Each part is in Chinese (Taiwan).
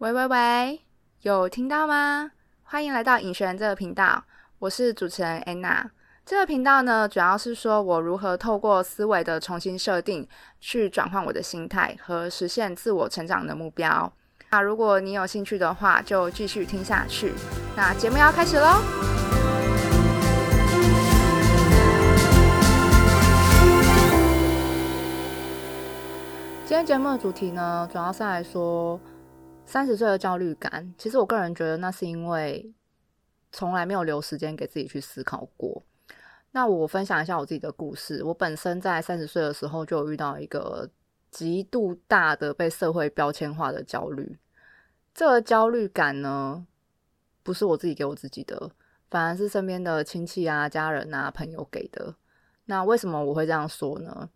喂喂喂，有聽到嗎？歡迎來到癮學人這個頻道，我是主持人 Anna。這個頻道呢，主要是說我如何透過思維的重新設定，去轉換我的心態和實現自我成長的目標。那如果你有興趣的話，就繼續聽下去。那節目要開始嘍。今天節目的主題呢，主要是來說。三十歲的焦慮感，其實我個人覺得那是因為從來沒有留時間給自己去思考過。那我分享一下我自己的故事，我本身在三十歲的時候就遇到一個極度大的被社會標籤化的焦慮。這個焦慮感呢，不是我自己給我自己的，反而是身邊的親戚啊、家人啊、朋友給的。那為什麼我會這樣說呢？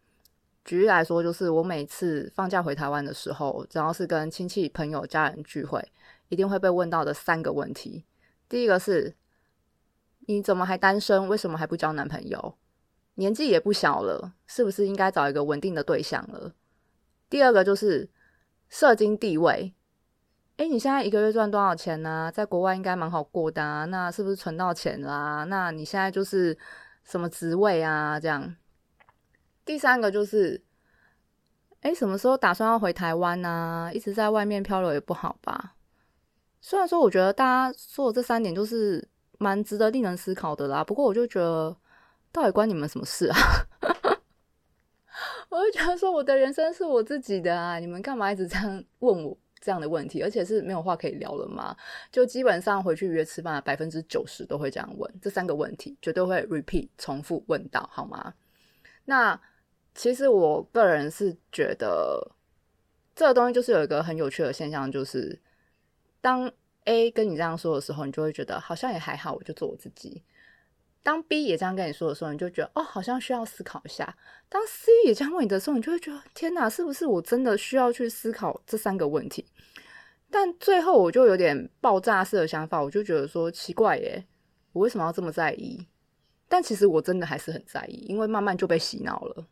舉例來說，就是我每次放假回台灣的時候，只要是跟親戚、朋友、家人聚會，一定會被問到的三個問題。第一個是：你怎麼還單身？為什麼還不交男朋友？年紀也不小了，是不是應該找一個穩定的對象了？第二個就是社經地位。誒，你現在一個月賺多少錢呢啊？在國外應該蠻好過的啊，那是不是存到錢啦啊？那你現在就是什麼職位啊？這樣。第三個就是，哎、欸，什麼時候打算要回台灣啊？一直在外面漂流也不好吧？雖然說，我覺得大家說的這三點就是蠻值得令人思考的啦。不過，我就覺得到底關你們什麼事啊？ 我就覺得說，我的人生是我自己的啊！你們幹嘛一直這樣問我這樣的問題？而且是沒有話可以聊了嘛。就基本上回去約吃飯，百分之九十都會這樣問這三個問題，絕對會 repeat 重複問到好嗎？那。其實我個人是覺得，這個東西就是有一個很有趣的現象，就是當 A 跟你這樣說的時候，你就會覺得好像也還好，我就做我自己；當 B 也這樣跟你說的時候，你就覺得哦，好像需要思考一下；當 C 也這樣問你的時候，你就會覺得天哪，是不是我真的需要去思考這三個問題？但最後我就有點爆炸式的想法，我就覺得說奇怪耶，我為什麼要這麼在意？但其實我真的還是很在意，因為慢慢就被洗腦了。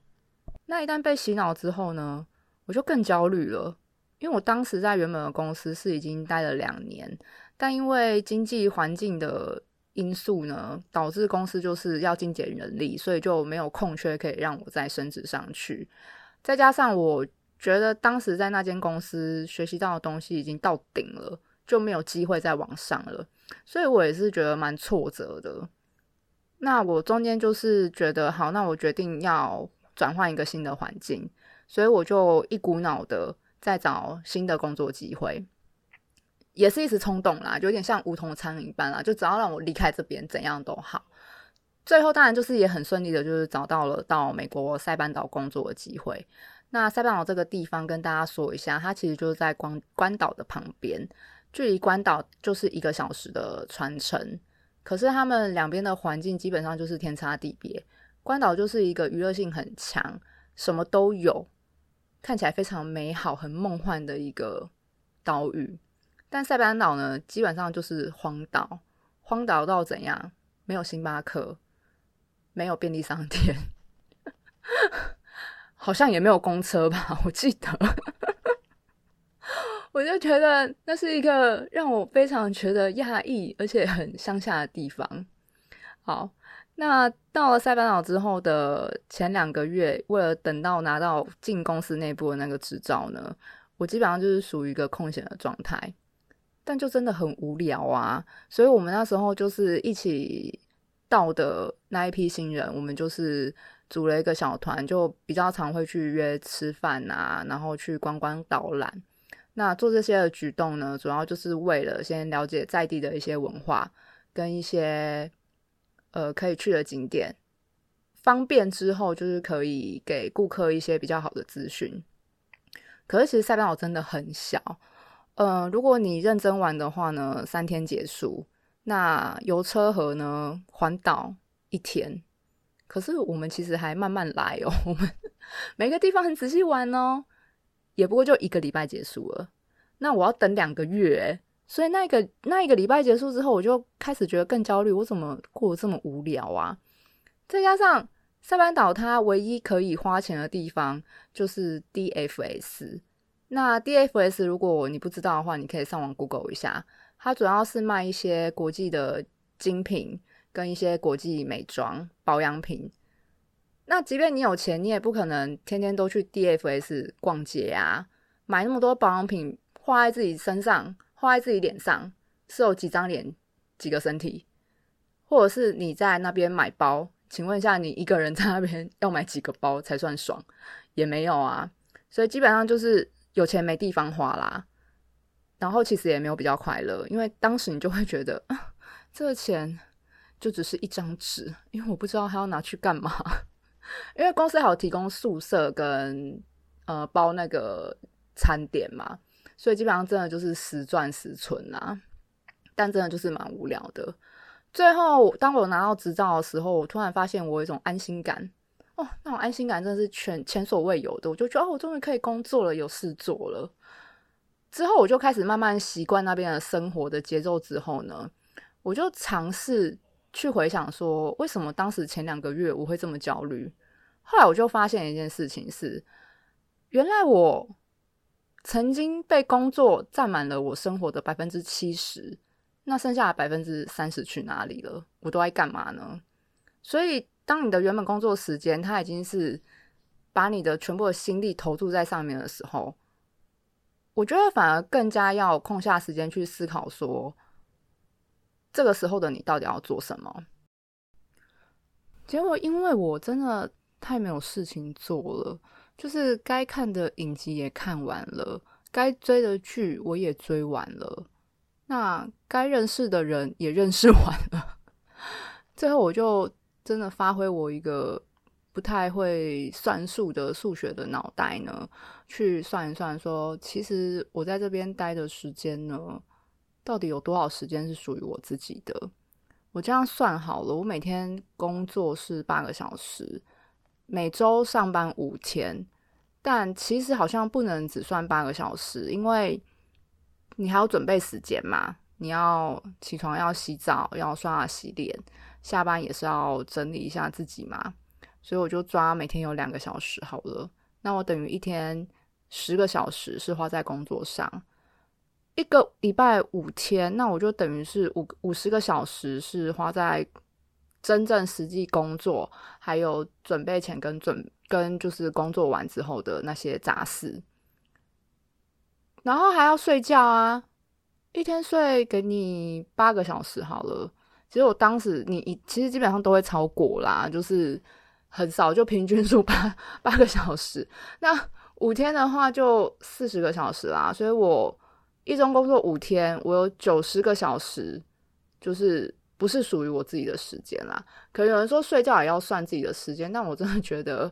那一旦被洗腦之後呢，我就更焦慮了，因為我當時在原本的公司是已經待了兩年，但因為經濟環境的因素呢，導致公司就是要精簡人力，所以就沒有空缺可以讓我再升職上去。再加上我覺得當時在那間公司學習到的東西已經到頂了，就沒有機會再往上了，所以我也是覺得蠻挫折的。那我中間就是覺得好，那我決定要。轉換一個新的環境，所以我就一股腦的在找新的工作機會，也是一時衝動啦，就有點像無頭蒼蠅一般啦，就只要讓我離開這邊，怎樣都好。最後當然就是也很順利的，就是找到了到美國塞班島工作的機會。那塞班島這個地方跟大家說一下，它其實就是在關島的旁邊，距離關島就是一個小時的船程，可是他們兩邊的環境基本上就是天差地別。關島就是一個娛樂性很強、什麼都有，看起來非常美好、很夢幻的一個島嶼。但塞班島呢，基本上就是荒島，荒島到怎樣？沒有星巴克，沒有便利商店， 好像也沒有公車吧？我記得， 我就覺得那是一個讓我非常覺得訝異而且很鄉下的地方。好。那到了塞班島之後的前兩個月，為了等到拿到進公司內部的那個執照呢，我基本上就是屬於一個空閒的狀態，但就真的很無聊啊！所以，我們那時候就是一起到的那一批新人，我們就是組了一個小團，就比較常會去約吃飯啊，然後去觀光導覽。那做這些的舉動呢，主要就是為了先了解在地的一些文化跟一些。呃，可以去的景點方便之後，就是可以給顧客一些比較好的資訊。可是，其實塞班島真的很小。嗯、呃，如果你認真玩的話呢，三天結束，那遊車河呢，環島一天。可是我們其實還慢慢來哦，我們 每個地方很仔細玩哦，也不過就一個禮拜結束了。那我要等兩個月，欸。所以那個那一個禮拜結束之後，我就開始覺得更焦慮。我怎麼過得這麼無聊啊？再加上塞班島，它唯一可以花錢的地方就是 DFS。那 DFS，如果你不知道的話，你可以上網 Google 一下。它主要是賣一些國際的精品跟一些國際美妝保養品。那即便你有錢，你也不可能天天都去 DFS 逛街啊，買那麼多保養品花在自己身上。花在自己臉上，是有幾張臉、幾個身體，或者是你在那邊買包？請問一下，你一個人在那邊要買幾個包才算爽？也沒有啊，所以基本上就是有錢沒地方花啦。然後其實也沒有比較快樂，因為當時你就會覺得，啊，這個錢就只是一張紙，因為我不知道還要拿去幹嘛。因為公司還有提供宿舍跟呃包那個餐點嘛。所以基本上真的就是時賺時存啊，但真的就是蠻無聊的。最後，當我拿到執照的時候，我突然發現我有一種安心感，哦，那種安心感真的是全前所未有的。我就覺得哦，我終於可以工作了，有事做了。之後我就開始慢慢習慣那邊的生活的節奏。之後呢，我就嘗試去回想說，為什麼當時前兩個月我會這麼焦慮？後來我就發現一件事情是，原來我。曾經被工作佔滿了我生活的百分之七十，那剩下的百分之三十去哪裡了？我都在幹嘛呢？所以，當你的原本工作時間，它已經是把你的全部的心力投注在上面的時候，我覺得反而更加要空下時間去思考說，說這個時候的你到底要做什麼？結果，因為我真的太沒有事情做了。就是該看的影集也看完了，該追的劇我也追完了，那該認識的人也認識完了。 最後，我就真的發揮我一個不太會算數的數學的腦袋呢，去算一算說，說其實我在這邊待的時間呢，到底有多少時間是屬於我自己的？我這樣算好了，我每天工作是八個小時。每週上班五天，但其實好像不能只算八個小時，因為你還要準備時間嘛，你要起床、要洗澡、要刷牙、洗臉，下班也是要整理一下自己嘛。所以我就抓每天有兩個小時好了，那我等於一天十個小時是花在工作上，一個禮拜五天，那我就等於是五五十個小時是花在。真正實際工作，還有準備前跟準跟就是工作完之後的那些雜事，然後還要睡覺啊，一天睡給你八個小時好了。其實我當時你其實基本上都會超過啦，就是很少就平均數八八個小時。那五天的話就四十個小時啦，所以我一週工作五天，我有九十個小時，就是。不是屬於我自己的時間啦，可能有人說睡覺也要算自己的時間，但我真的覺得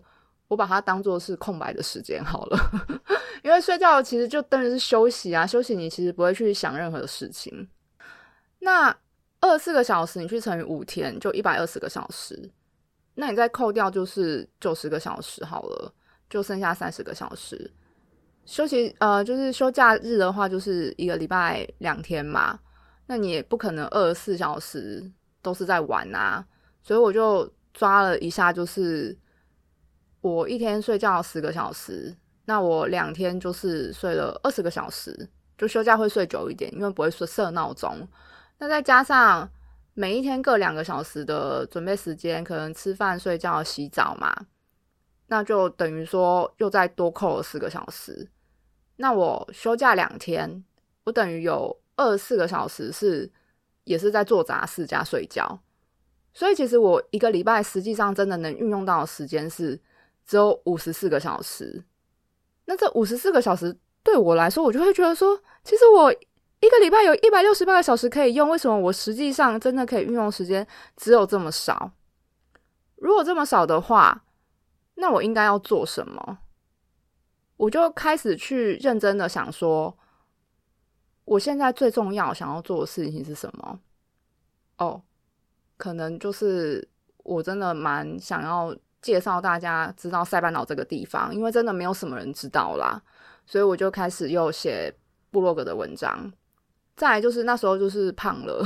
我把它當做是空白的時間好了， 因為睡覺其實就等於是休息啊，休息你其實不會去想任何的事情。那二十四個小時你去乘以五天，就一百二十個小時，那你再扣掉就是九十個小時好了，就剩下三十個小時休息。呃，就是休假日的話，就是一個禮拜兩天嘛。那你也不可能二十四小時都是在玩啊，所以我就抓了一下，就是我一天睡覺十個小時，那我兩天就是睡了二十個小時，就休假會睡久一點，因為不會設設鬧鐘，那再加上每一天各兩個小時的準備時間，可能吃飯、睡覺、洗澡嘛，那就等於說又再多扣了四個小時，那我休假兩天，我等於有。二十四個小時是也是在做雜事加睡覺，所以其實我一個禮拜實際上真的能運用到的時間是只有五十四個小時。那這五十四個小時對我來說，我就會覺得說，其實我一個禮拜有一百六十八個小時可以用，為什麼我實際上真的可以運用時間只有這麼少？如果這麼少的話，那我應該要做什麼？我就開始去認真的想說，我現在最重要想要做的事情是什麼？哦、oh，可能就是我真的蠻想要介紹大家知道塞班島這個地方，因為真的沒有什麼人知道啦，所以我就開始又寫部落格的文章。再來就是那時候就是胖了，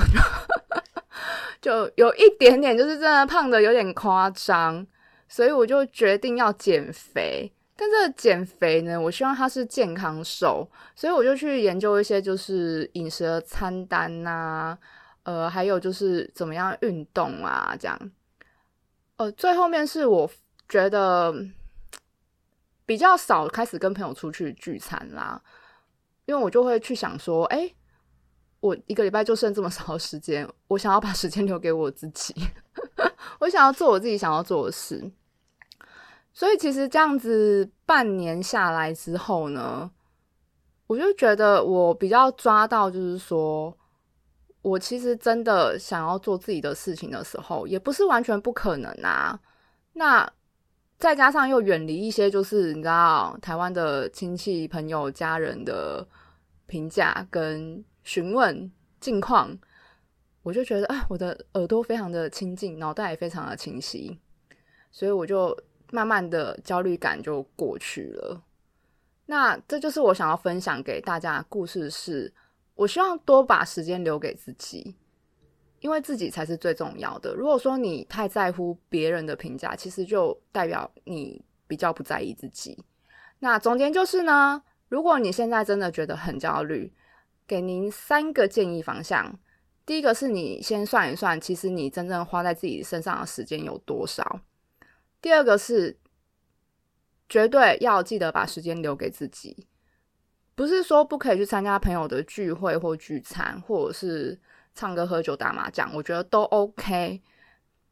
就有一點點，就是真的胖的有點誇張，所以我就決定要減肥。但這減肥呢，我希望它是健康瘦，所以我就去研究一些就是飲食的餐單啊，呃，還有就是怎麼樣運動啊，這樣，呃，最後面是我覺得比較少開始跟朋友出去聚餐啦，因為我就會去想說，哎、欸，我一個禮拜就剩這麼少的時間，我想要把時間留給我自己， 我想要做我自己想要做的事。所以其實這樣子半年下來之後呢，我就覺得我比較抓到，就是說，我其實真的想要做自己的事情的時候，也不是完全不可能啊。那再加上又遠離一些，就是你知道台灣的親戚、朋友、家人的評價跟詢問近況，我就覺得啊，我的耳朵非常的清靜，腦袋也非常的清晰，所以我就，慢慢的焦慮感就過去了。那這就是我想要分享給大家的故事是，是我希望多把時間留給自己，因為自己才是最重要的。如果說你太在乎別人的評價，其實就代表你比較不在意自己。那總結就是呢，如果你現在真的覺得很焦慮，給您三個建議方向。第一個是你先算一算，其實你真正花在自己身上的時間有多少。第二個是，絕對要記得把時間留給自己，不是說不可以去參加朋友的聚會或聚餐，或者是唱歌、喝酒、打麻將，我覺得都 OK。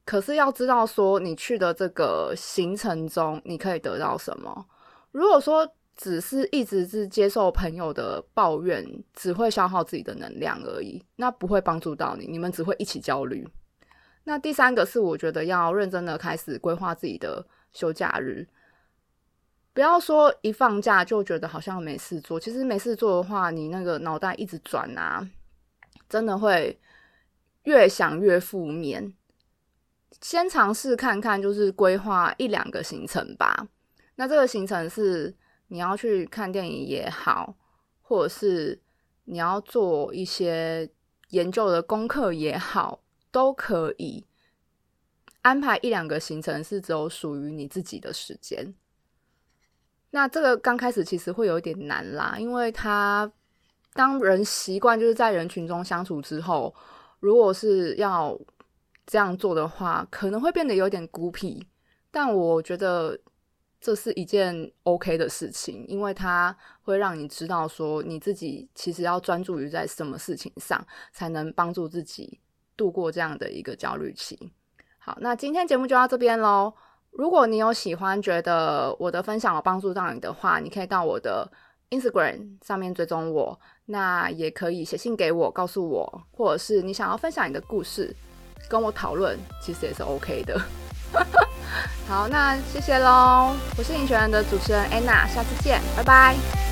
可是要知道說，你去的這個行程中，你可以得到什麼？如果說只是一直是接受朋友的抱怨，只會消耗自己的能量而已，那不會幫助到你，你們只會一起焦慮。那第三個是，我覺得要認真的開始規劃自己的休假日，不要說一放假就覺得好像沒事做。其實沒事做的話，你那個腦袋一直轉啊，真的會越想越負面。先嘗試看看，就是規劃一兩個行程吧。那這個行程是你要去看電影也好，或者是你要做一些研究的功課也好。都可以安排一兩個行程，是只有屬於你自己的時間。那這個剛開始其實會有一點難啦，因為他當人習慣就是在人群中相處之後，如果是要這樣做的話，可能會變得有點孤僻。但我覺得這是一件 OK 的事情，因為它會讓你知道說你自己其實要專注於在什麼事情上，才能幫助自己。度過這樣的一個焦慮期。好，那今天節目就到這邊嘍。如果你有喜歡，覺得我的分享有幫助到你的話，你可以到我的 Instagram 上面追蹤我，那也可以寫信給我，告訴我，或者是你想要分享你的故事，跟我討論，其實也是 OK 的。 好，那謝謝嘍，我是癮學人的主持人 Anna，下次見，拜拜。